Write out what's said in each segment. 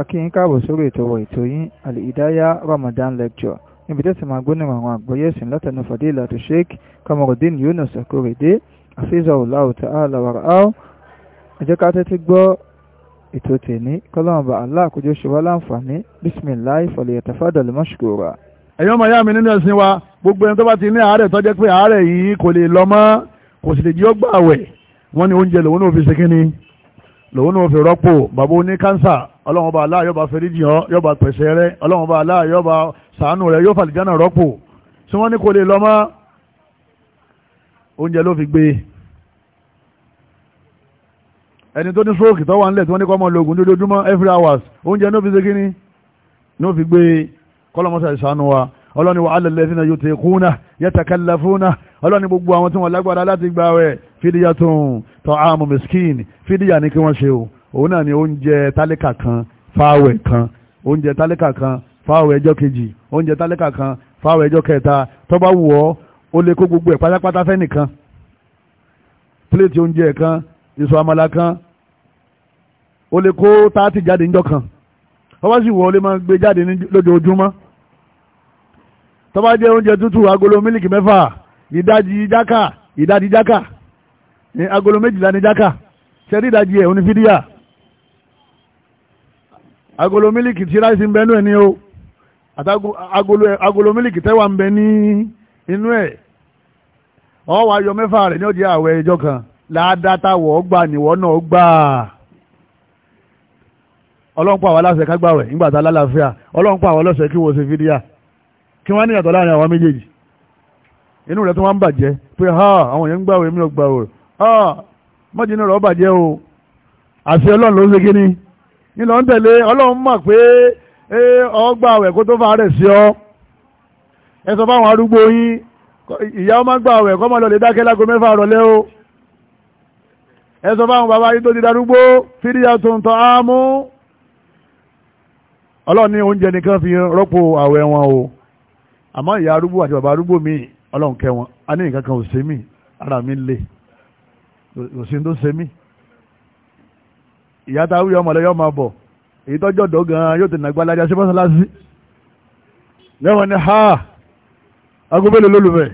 akíyín káàbọ̀ sórí ètò wa ètò yín al Ramadan lecture níbi tẹ́sí máa gbóná àwọn àgbọ́yé ẹ̀sìn látẹnu Fadilatu Sheikh Kamarudin Yunus Akorede Hafizahullahu ta'ala wara'ahu ẹ jẹ́ ká tẹ́tí gbọ́ ètò tèmi kọ́lọ́mọba aláàkójọ ṣe wá láǹfààní bisimilahi falyatafaddal mashkura. ẹ̀yọ́ ọmọ ìyá mi nínú ẹ̀sìn wa gbogbo ẹni tó bá ti ní àárẹ̀ tó jẹ́ pé àárẹ̀ yìí lòun náà fi rọ́pò bàbá oní kánsà ọlọ́run bá aláà yọba fẹ́ríjì hàn yọba pẹ̀sẹ̀ rẹ ọlọ́run bá aláà yọba sàánù rẹ yóò fàlìjánà rọ́pò tí wọ́n ní kò lè lọ́mọ́ oúnjẹ ló fi gbé ẹni tó ní stroke tó wà nílẹ̀ tí wọ́n ní kọ́ ọmọ lògùn lójoojúmọ́ every hours oúnjẹ ló fi ṣe kíní ló fi gbé kọ́lọ́mọ́sà ìsànù wa ọlọ́ni wà alẹ́ lẹ́sìn náà yóò tẹ kúnà yẹtàkẹ́lẹ́ fúnà ọlọ́ni gbogbo àwọn tí wọ́n lágbára láti gbà wẹ̀ fídíyà tó ń tọ́ àmú miskin fídíyà ni kí wọ́n ṣe o òun náà ni oúnjẹ tálíkà kan fáwẹ̀ kan oúnjẹ tálíkà kan fáwẹ̀ ẹjọ́ kejì oúnjẹ tálíkà kan fáwẹ̀ ẹjọ́ kẹta tó bá wù ọ́ ó lè kó gbogbo ẹ̀ pátápátá fẹ́ nìkan pílẹ̀tì oúnjẹ kan ìsọ tó je jẹ́ oúnjẹ tútù agolo mílìkì mẹ́fà ìdajì jákà ìdajì jákà ní agolo méjìlá ní jákà ṣẹ́rí ìdajì ẹ̀ òní agolo tí ráìsì ń bẹ o àtàgolo mílìkì tẹ́wà ń bẹ ní inú ọ wá yọ mẹ́fà rẹ̀ ní ọjọ́ àwẹ̀ ẹjọ́ kan láàdáta wọ̀ gbà na náà gbà ọlọ́run àwọn aláṣẹ kágbàwẹ̀ nígbà a lálàáfíà ọlọ́run àwọn ọlọ́ṣẹ kí wọ́n ṣe kí wọ́n ní ìyàtọ̀ láàrin àwọn méjèèjì inú rẹ̀ tó wọ́n ń bàjẹ́ pé ha àwọn èèyàn ń gbàwé mi ò gbàwé ha mọ́jì inú rẹ̀ ó bàjẹ́ o àṣẹ ọlọ́run ló ń ṣe kíní nílò ń tẹ̀lé ọlọ́run mọ̀ pé ọgbà àwẹ̀ kó tó fa rẹ̀ sí ọ ẹ sọ fáwọn arúgbó yín ìyá ọmọ gbà àwẹ̀ kọ́ mọ́ lọ lè dákẹ́ lágo mẹ́fà rọ̀lẹ́ o ẹ sọ fáwọn bàbá yín tó ti darúgbó fídíà tó ámú ọlọ́run ní oúnjẹ nìkan fi rọ́pò àwẹ̀ wọn o àmọ́ ìyá arúgbó àti bàbá arúgbó mi ọlọ́run kẹ́ wọn a ní nǹkan kan ò ṣe mí ara mi le kò sí tó ṣe mí ìyá tá a wí ọmọ lẹ́yọ́ máa bọ̀ èyí tọ́jọ́ dọ̀ gan-an yóò tẹ̀lé àgbàlájà sí mọ́sálásí lẹ́wọ̀n ni ha aago lólùfẹ́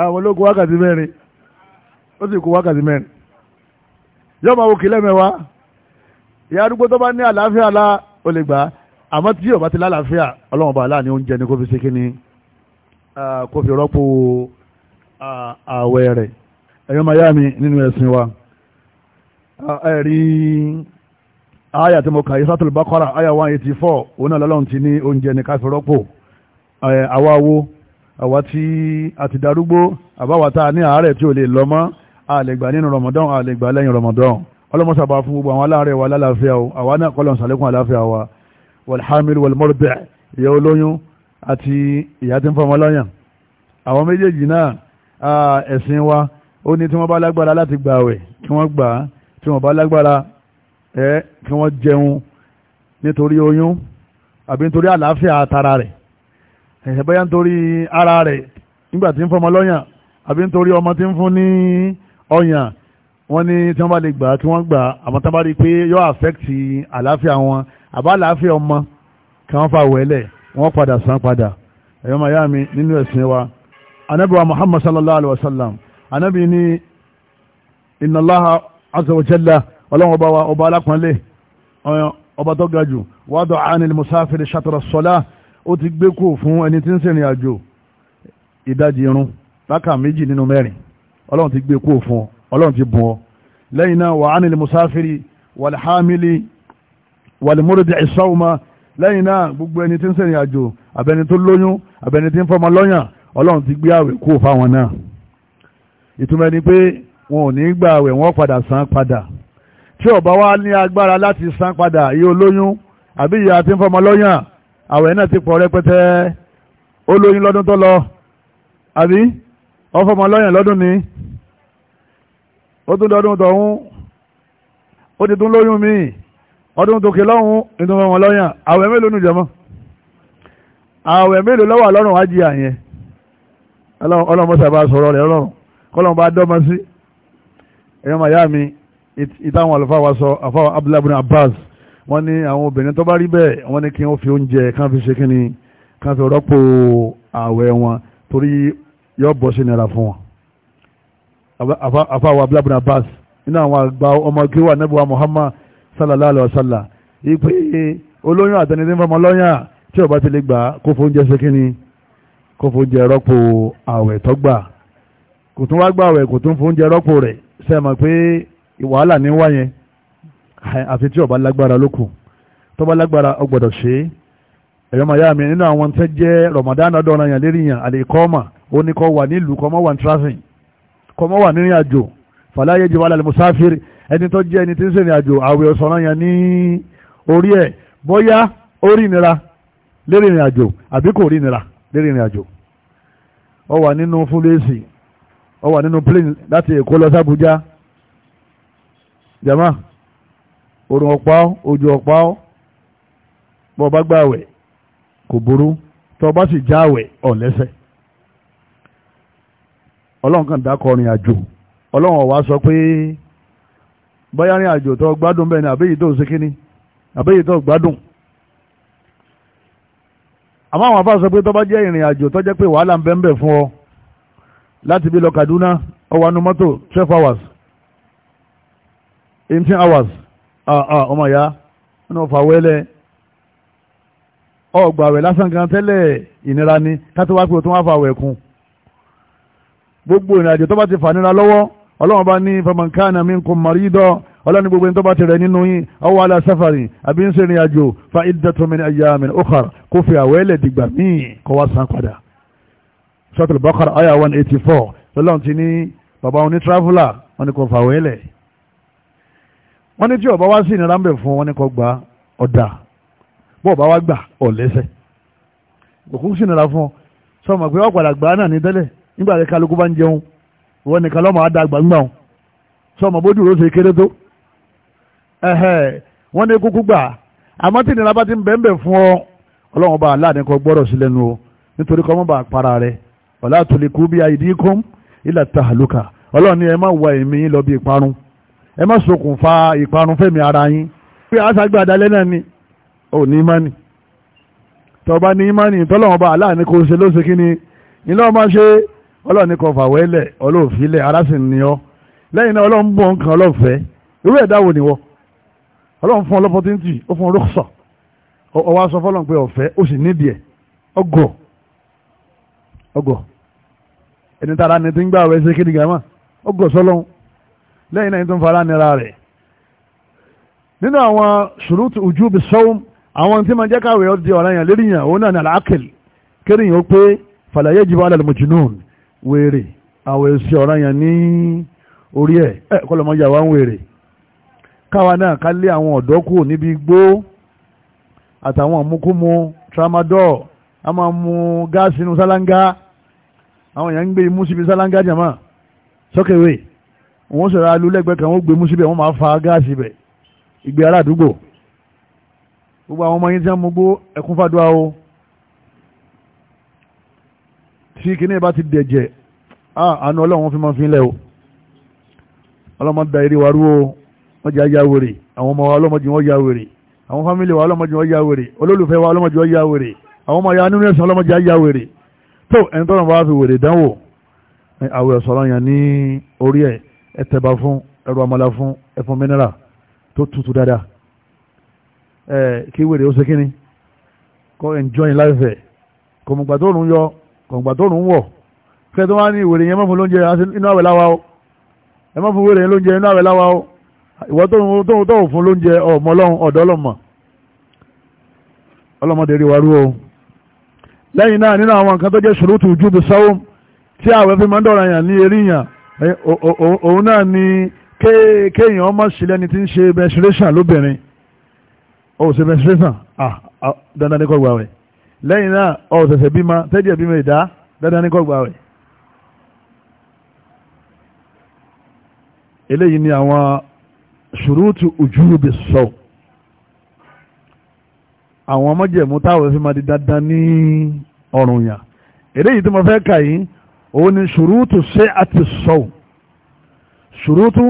àwọn ah, ológun wákàtí mẹ́rin ó sì kú wákàtí mẹ́rin yóò máa wo kìlẹ̀ mẹ́wàá ìyá arúgbó tó bá ní àlàáfíà la ó lè gbà á àmọ́ tí yóò bá ti lálàáfíà ọlọ́run bá aláàánú oúnjẹ ni kò fi ṣe kí ni kó fi rọ́pò ààwẹ̀ rẹ̀ ẹ̀yọ́ miami nínú ẹ̀sìn wa ẹ̀rí àyà tí mo kà yí sátúlù bákọ́rà àyà 184 òun náà lọ́lọ́run ti ní oúnjẹ ní ká fi rọ́pò àwa wo àwa tí a ti darúgbó àbáwá tá a ní àárẹ̀ tí ò lè lọ mọ́ a lè gbà nínú rọmọdán a lè gbà lẹ́yìn rọmọdán ọlọ́mọsàbà fún gbogbo àwọn aláàrẹ̀ wa lálàáfíà o àwa náà kọ́lọ̀ sàlékún àláfíà wa wàlhámil wàlmọ́rùbẹ̀ ìyẹ́ olóyún àti ìyá tí ń fọmọ lọ́yàn àwọn méjèèjì náà ẹ̀sìn wa ó ní tí wọ́n bá lágbára láti gbà àwẹ̀ kí wọ́n gbà á tí wọ́n bá lágbára ẹ kí wọ́n jẹun nítorí oyún àbí nítorí àlàáfíà àtara rẹ̀ ẹ̀sẹ̀ bóyá nítorí ara rẹ̀ nígbà tí ń fọmọ lọ́yàn àbí nítorí ọmọ tí ń fún ní ọyàn wọ́n ní tí wọ́n bá lè gbà á kí wọ́n gbà á àmọ́ tá bá rí i pé yóò affect àlàáfíà wọn àbá àlàáfíà ọmọ kí wọ́n fà wẹ́lẹ̀ wọ́n padà san padà ẹ̀yọ́ máa yá mi nínú ẹ̀sìn wa anábì wa muhammad sallallahu alaihi wa sallam anábì ní inna allaha azza wa jalla ọlọ́run ọba wa ọba alápọ̀nlé ọba tó ga jù wàdọ̀ anil musafir shatra sọlá ó ti gbé kú fún ẹni tí ń sìnrìn àjò ìdajì irun láka méjì nínú mẹ́rin ọlọ́run ti gbé kú fún ọlọ́run ti bùn ọ lẹ́yìn náà wà anil musafiri wàlhámili wàlmúrìdì ìsọ́wọ́mọ́ lẹ́yìn náà gbogbo ẹni tí ń sẹ̀rìn àjò àbẹni tó lóyún àbẹni tí ń fọmọ lọ́yàn ọlọ́run ti gbé àwẹ̀ kó fáwọn náà ìtumọ̀ ni pé wọn ò ní gbà àwẹ̀ wọ́n padà san padà tí ó bá wá ní agbára láti san padà iye olóyún àbí ìyá tí ń fọmọ lọ́yàn àwẹ̀ náà ti pọ̀ rẹpẹtẹ ó lóyún lọ́dún tó lọ àbí ó lọ́yàn lọ́dún ni ó tún dọdún tọ̀hún ó ti tún lóyún míì ọdún tó ké lọ́hún nítorí wọn lọ́yàn àwẹ̀ mélòó nù jẹmọ́ àwẹ̀ mélòó lọ́wọ́ ọlọ́run wájú àyẹn ọlọ́run mọ́sà bá sọ̀rọ̀ rẹ̀ ọlọ́run kọ́lọ́run bá dọ́mọ sí ẹ̀yọ́ màyá mi ìtàwọn àlùfáà wa sọ àfáà abdullahi abbas wọ́n ní àwọn obìnrin tó bá rí bẹ́ẹ̀ wọ́n ní kí wọ́n fi oúnjẹ kán fi ṣe kí ni kán fi rọ́pò ààwẹ̀ wọn torí yọ bọ́ sí nira fún wọn àfáà wa abdullahi abbas nínú àwọn àgbà ọmọ kíwà nẹ́bùwà muhammad sallallahu alaihi wasallam ipe olóyún àtẹni tí ń fọmọ lọ́yàn tí ó bá ti lè gbà kó fóúnjẹ ṣe kí ni kó fóúnjẹ rọ́pò àwẹ̀ tó gbà kò tún wá gbà àwẹ̀ kò tún fóúnjẹ rọ́pò rẹ̀ ṣe mọ̀ pé wàhálà ní wá yẹn àfi tí ó bá lágbára lókù tó bá lágbára ó gbọ́dọ̀ ṣe é ẹ̀yọ́ màá yá mi nínú àwọn tẹ́ jẹ́ Ramadan ọ̀dọ́ran yàn lérí yàn àlè kọ́ọ̀mà ó ní kọ́ wà nílùú kọ́mọ́ wà ní traveling kọ́mọ́ wà nírìn àjò fàlàyé jìwà lálẹ́ musafiri ẹni tó jẹ́ ẹni tí ń sìnrìn àjò àwẹ̀ ọ̀sán yẹn ní orí ẹ̀ bóyá ó rí lérí ìrìn àjò àbí kò rí nira lérí ìrìn àjò ó wà nínú fúlẹ́sì ó wà nínú plane láti Èkó lọ sábújá jama orun ọ̀pá ojú ọ̀pá bọ́ bá kò burú tọ́ bá sì ọ̀lẹ́sẹ̀ ọlọ́run kan dákọ̀ bóyá ní àjò tó gbádùn bẹ́ẹ̀ ni àbẹ́yìí tó ṣe kíní àbẹ́yìí tó gbádùn àmọ́ àwọn afáàsọ pé tó bá jẹ́ ìrìn àjò tó jẹ́ pé wàhálà ń bẹ́ ń bẹ̀ fún ọ láti bí lọ Kaduna ọwọ́nu mọ́tò twelve hours eighteen hours ah, ah, ọmọ ìyá wọn ò fà wẹ́lẹ̀ ọgbàwẹ̀ lásán kan tẹ́lẹ̀ ìnira ni ká tó wá pé o tún wá fà wẹ̀ kún gbogbo ìrìn àjò tó bá ti fà nira lọ́wọ́ ọlọ́run bá ní famankana minkum marido ọlọ́run gbogbo ẹni tó bá ti rẹ̀ nínú yín ọwọ́ ala safari àbí ń ṣèrìn àjò fa iddatu min ayyamin ukhar kó fi àwẹ́lẹ̀ dìgbà míì kó wá san padà. suratul Baqara aya one eighty four lọ́lọ́run ti ní bàbá oní traveller wọ́n ní kò fà wẹ́lẹ̀. wọ́n ní tí ọba wá sí ìnira ń bẹ̀ fún wọn ní kò gba ọ̀dà bó ọba wá gbà ọ̀lẹ́sẹ̀ òkú sí ìnira fún ọ sọ ìwọ nìkan lọ́mọ adá gbàngbà wọn sọ ọmọ bójú ró ṣe kéré tó wọ́n ní kúkú gbà àmọ́ tí ìnira bá ti ń bẹ̀ẹ̀bẹ̀ fún ọ ọlọ́run bá aláàánú kọ gbọ́rọ̀ sí lẹ́nu o nítorí kọ́ mọ́ para rẹ̀ ọ̀là tó kú bí aydikum ila tahaluka ọlọ́run ni ẹ má wọ ẹ̀mí yín lọ bí ìparun ẹ má ṣokùnfà ìparun fẹ́mi ara yín pé àṣàgbé àdálẹ́ náà ni ò ní ìmánì tọ́ba ní ìmánì tọ́lọ́run bá aláàánú kò ṣe ló ṣe kí ni ìlọ́ọ̀ máa ṣe ọlọ́run ní kò fàwẹ́lẹ̀ ọlọ́ọ̀filẹ̀ arásìn ni ọ́ lẹ́yìn náà ọlọ́run bọ̀ nǹkan ọlọ́fẹ́ irú ẹ̀dá wo ni wọ́ ọlọ́run fún ọlọ́pọ̀tíntì ó fún rọ́ọ̀sọ̀ ọwọ́ aṣọ fọlọ́n pé ọ̀fẹ́ ó sì nídìí ẹ̀ ọgọ̀ ọgọ̀ ẹni tára ni ti ń gbà wẹ́ ṣe kí ni gàmá ọgọ̀ sọlọ́run lẹ́yìn náà tó ń fara nira rẹ̀ nínú àwọn ṣùrùtù ojú wèrè àwọn èsì ọ̀ràn yẹn ní orí ẹ̀ ẹ̀ kọ́lọ́mọ́ yà wá ń wèrè káwa náà ká lé àwọn ọ̀dọ́ kù níbi igbó àtàwọn àmúkúmu tramadol a máa mu gáàsì inú sálángá àwọn èèyàn ń gbé imú síbi sálángá jàmá sọ́kèwé wọ́n sọ̀rọ̀ alúlẹ́gbẹ̀ẹ́ kan wọ́n gbé imú síbẹ̀ wọ́n máa fa gáàsì bẹ̀ ìgbé ará gbogbo àwọn ọmọ yín tí wọ́n mú gbó ẹkún fàdúrà o tí kìíní bá ti dẹ̀jẹ̀ àánú ọlọ́run fi máa fi lẹ́ o ọlọ́mọdé eré wa rú o wọ́n jẹ́ ajá wèrè àwọn ọmọ wa ọlọ́mọdé wọ́n ya wèrè àwọn fámìlì wa ọlọ́mọdé wọ́n ya wèrè olólùfẹ́ wa ọlọ́mọdé wọ́n ya wèrè àwọn ọmọ ya nínú ẹ̀sán ọlọ́mọdé ya wèrè tó ẹni tọ́nà bá fi wèrè dánwò àwẹ̀ ọ̀sọ̀rọ̀ yàn ní orí ẹ̀ ẹ tẹ̀bà fún ẹrù àmàlà fún ẹfun mineral tó tutù dáadáa ẹ kí wèrè ó ṣe kíni kó enjoy life ẹ̀ kò mọ̀gbà tó rùn yọ ọ̀gbà tó rùn wọ̀ kẹ́ tó wá ní ìwèrè yẹn mọ́fún lóúnjẹ inú àwẹ̀ láwa o ẹ mọ́fún ìwèrè yẹn lóúnjẹ inú àwẹ̀ láwa o ìwọ tó ń tó fún lóúnjẹ ọmọ ọlọ́run ọ̀dọ́ ọlọ́mọ ọlọ́mọdé rí wa o lẹ́yìn náà nínú àwọn nǹkan tó jẹ́ ṣòrótù ojúbu sáwọ́ tí àwẹ̀ fi máa ń dọ̀rọ̀ yàn ní eríyàn òun náà ni kéèyàn ọmọ sílẹ̀ ni ti ń ṣe menstruation lóbìnrin ó ṣe menstruation ah, ah dandan ní kọ́ gbà lẹ́yìn náà ọ̀sẹ̀sẹ̀ bímọ tẹ́jú ẹ̀ bímọ ìdá dandan ní kọ́gbà rẹ̀ eléyìí ni àwọn ṣùrùtù ujúbi sọ àwọn mọ́jẹ̀mú táwọn fi máa di dandan ní ọ̀rùn yàn eléyìí tí mo fẹ́ kà yìí òun ni ṣùrùtù ṣe àti sọ ṣùrùtù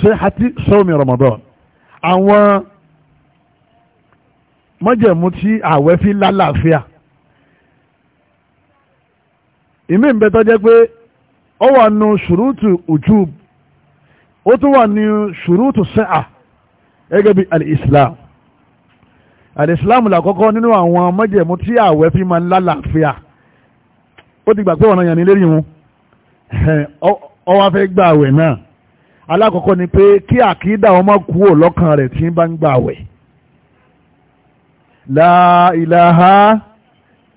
ṣe àti sọ mi Ramadan àwọn mọ́jẹ̀mú tí ààwẹ̀ fi lálàáfíà ìmí ń bẹ tó jẹ́ pé ó wà nù ṣùrùtù ujub ó tún wà nù ṣùrùtù sẹ́à gẹ́gẹ́ bí al-islam al-islam làkọ́kọ́ nínú àwọn mọ́jẹ̀mú tí ààwẹ̀ fi máa lálàáfíà ó ti gbà pé ọ̀nà yàn ní lérí wọn ó wá fẹ́ gba ààwẹ̀ náà alákọ̀ọ́kọ́ ni pé kí àkídà ọmọ kúrò lọ́kàn rẹ̀ tí ń bá ń gba ààwẹ̀ la ilaha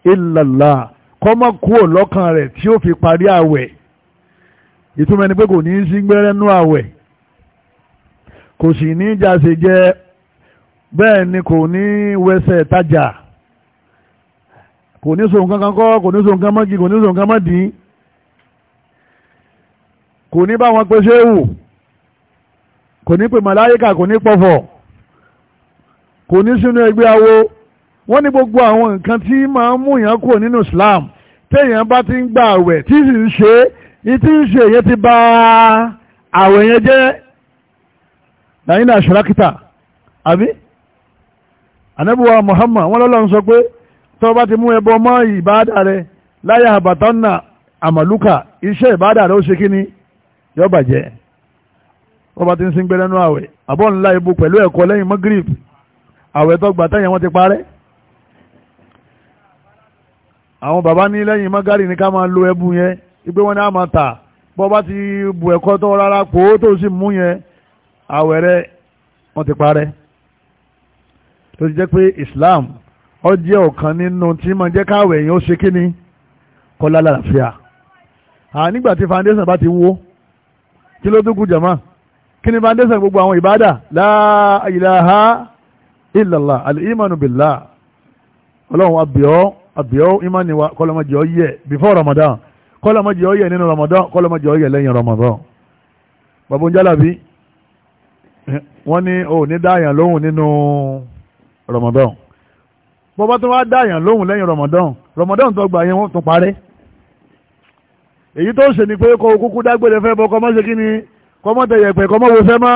illallah kọ́mọ́ kúrò lọ́kàn rẹ̀ tí ó fi parí àwẹ̀ ìtumọ̀ ni pé kò ní í sí gbẹ́rẹ́nú àwẹ̀ kò sì ní í jáse jẹ́ bẹ́ẹ̀ ni kò ní wẹsẹ̀ tajà kò ní so nǹkan kan kọ́ kò ní so nǹkan mọ́gi kò ní so nǹkan mọ́ dín kò ní bá wọn pe ṣéwù kò ní pe màláyíkà kò ní pọ̀fọ̀ kò ní sínú ẹgbẹ́ awo wọ́n ní gbogbo àwọn nǹkan tí máa ń mú yàn kúrò nínú Islam téèyàn bá ti ń gba àwẹ̀ tí sì ń ṣe ní tí ń ṣe yẹn ti bà àwẹ̀ yẹn jẹ́ lẹ́yìn náà àbí anábíwá Muhammad wọn lọ́lọ́run sọ pé tó bá ti mú ẹbọ mọ́ ìbáàdà rẹ láyà àbàtánà àmàlúkà iṣẹ́ ìbáàdà rẹ ó ṣe kíni yó bàjẹ́ wọ́n bá ti ń sin gbẹ́lẹ́nu àwẹ̀ àbọ̀ ńlá ibu pẹ̀lú ẹ̀kọ́ lẹ́yìn mọ́gírìp àwẹ̀ tó gbà tẹ́yìn wọn ti parẹ́ àwọn bàbá ní lẹ́yìn mọ́gàrì ní ká máa lo ẹbu yẹn wípé wọ́n ní àmọ́ tà bọ́ bá ti bu ẹ̀kọ́ tó rárá pò ó tó sì mú yẹn àwẹ̀ rẹ wọ́n ti parẹ́ tó ti jẹ́ pé Islam ó jẹ́ ọ̀kan nínú tí máa jẹ́ káwẹ̀ yẹn ó ṣe kí ni kọ́lá lálàáfíà à nígbà tí foundation bá ti wó kí ló dúkú jàmá kí ni foundation gbogbo àwọn ìbádà la ilaha illallah al-imanu billah ọlọ́run abiọ́ àbíọ́ ìmánì wa kọ́lọ́mọdé ọ yẹ before Ramadan kọ́lọ́mọdé ọ yẹ nínú Ramadan kọ́lọ́mọdé ọ yẹ lẹ́yìn Ramadan babu jalabi wọ́n o ní oh, dáyàn lóhùn nínú Ramadan bó bá wá dáyàn lóhùn lẹ́yìn Ramadan Ramadan tó gbà yẹn wọ́n tún parẹ́ èyí tó ń ni pé kó kúkú dágbére fẹ́ bọ́ kọ́mọ́ ṣe ni kọ́mọ́ tẹ yẹ̀pẹ̀ kọ́mọ́ wo fẹ́ mọ́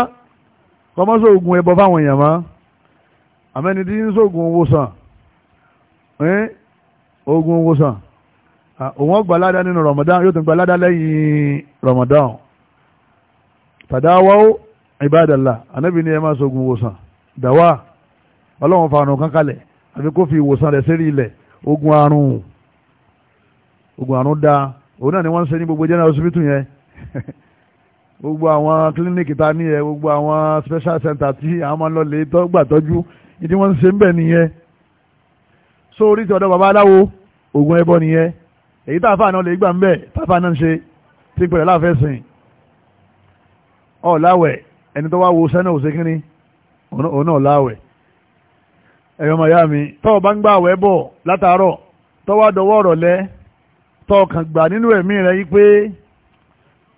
kọ́mọ́ sóògùn ẹbọ fáwọn èèyàn mọ́ àmẹ́ni tí ń sóògùn owó sàn ogun owó sàn ah, òun ọgbà ládá nínú Ramadan yóò tún gba ládá lẹ́yìn Ramadan tàdáwọ́ ìbádàlá anábì ní ẹ máa sọ ogun ìwòsàn dàwà ọlọ́run fàánù kankalẹ̀ àfi kó fi ìwòsàn rẹ̀ sérí ilẹ̀ ogun àrùn ogun àrùn da òun náà ni wọ́n ń ṣe ní gbogbo general hospital yẹn gbogbo àwọn clinic ta ní yẹn gbogbo àwọn special center tí àwọn máa ń lọ lè tọ́gbà tọ́jú ìdí wọ́n ń ṣe ń bẹ̀ nìyẹn sórí ti ọ̀dọ̀ baba aláwo oògùn ẹbọ nìyẹn èyí táàfà náà lè gbà ń bẹ̀ táàfà náà ń ṣe tí pẹ̀lẹ́ láàfẹ́ sìn ọ̀ láwẹ̀ ẹni tó wá wo sẹ́nà òṣèkínní òun náà láwẹ̀ ẹ̀yọ́ màyá mi tọ́ ọ bá ń gbà wẹ́ bọ̀ látàárọ̀ tọ́ wá dọwọ́ ọ̀rọ̀ lẹ́ tọ́ ọkàn gbà nínú ẹ̀mí rẹ yí pé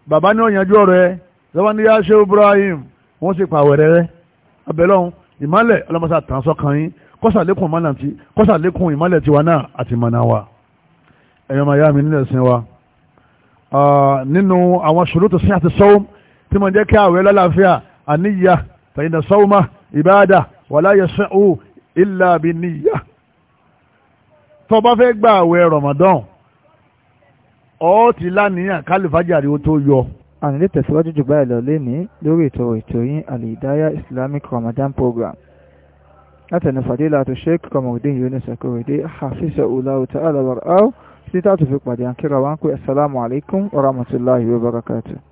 bàbá ní ọ̀yànjú ọ̀rọ̀ ẹ lọ́wọ́ ní yá ṣe Ibrahim wọ́n sì pàwẹ̀rẹ̀ rẹ abẹ́lọ́hún ìmọ̀lẹ̀ ọlọ́mọsá tàn sọ́kàn yín kọ́sàlékún ìmọ̀lẹ̀ àti kọ́sàlékún ìmọ̀lẹ̀ tiwa náà àti mọ̀nà wa ẹ̀yọ́ máa yá mi nílẹ̀ sin wa nínú àwọn ṣòrótò sí àti sọ́wọ́m tí mo jẹ́ kí àwẹ̀ lálàáfíà àníyà fẹ̀yìntà sọ́wọ́mà ìbáàdà wàlá yasa'u illa bi níyà tó bá fẹ́ gba àwẹ̀ Ramadan ó ti láníyàn kálífàjárì ó tó yọ àní lè tẹ̀síwájú jù báyìí lọ lénìí lórí ètò ètò yín Al-Hidayah Islamic Ramadan Program látẹnu fàdílà àti Sheikh Kamaldeen Yunus Akorede hafizahullahu ta'ala wara'u títà tó fi pàdé àkírà wa ń pè assalamu wa rahmatullahi wa barakatuh.